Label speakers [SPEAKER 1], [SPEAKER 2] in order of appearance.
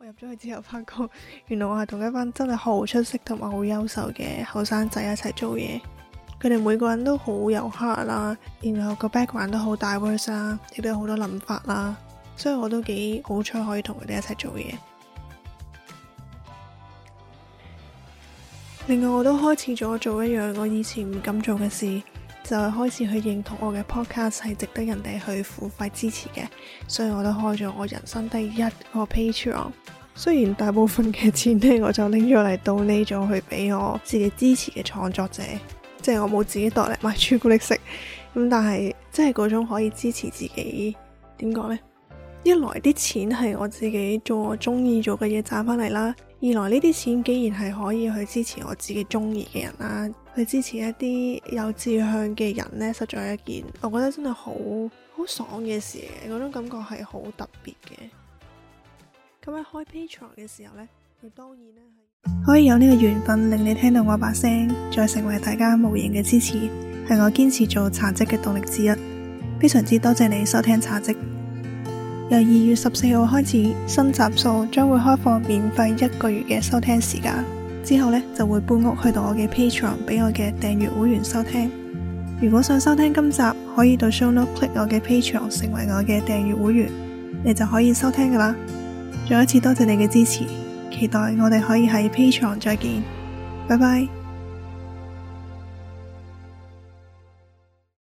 [SPEAKER 1] 我入咗去之後發覺，原來我係同一班真係好出色同埋好優秀嘅後生仔一齊做嘢。佢哋每個人都好有 heart 啦，然後個 background 都好大 work 啦，亦都有好多諗法啦，所以我都幾好彩可以同佢哋一齊做嘢。另外，我都開始咗做，做一樣我以前唔敢做嘅事。就係開始去認同我嘅 podcast 係值得人哋去付費支持嘅，所以我都開咗我人生第一個 Patreon。雖然大部分嘅錢呢，我就拎咗嚟到呢度去俾我自己支持嘅創作者，即係我冇自己袋嚟買朱古力食。咁但係即係嗰種可以支持自己，點講呢？一來啲錢係我自己做我中意做嘅嘢賺翻嚟啦，二來呢啲錢既然係可以去支持我自己中意嘅人啦，去支持一啲有志向嘅人呢，實在係一件我覺得真係好好爽嘅事。嗰種感覺係好特別嘅。咁喺開 Patreon 嘅時候呢，佢當然呢，可以有呢個緣分令你聽到我把聲，再成為大家無形嘅支持，係我堅持做茶職嘅動力之一。非常之多謝你收聽茶職。由二月十四號開始，新集數將會開放免費一個月嘅收聽時間，之後呢，就會搬屋去到我嘅 Patreon 俾我嘅訂閱會員收聽。如果想收聽今集，可以到 show note click 我嘅 Patreon 成為我嘅訂閱會員，你就可以收聽噶啦。再一次多謝你嘅支持，期待我哋可以喺 Patreon 再見，拜拜。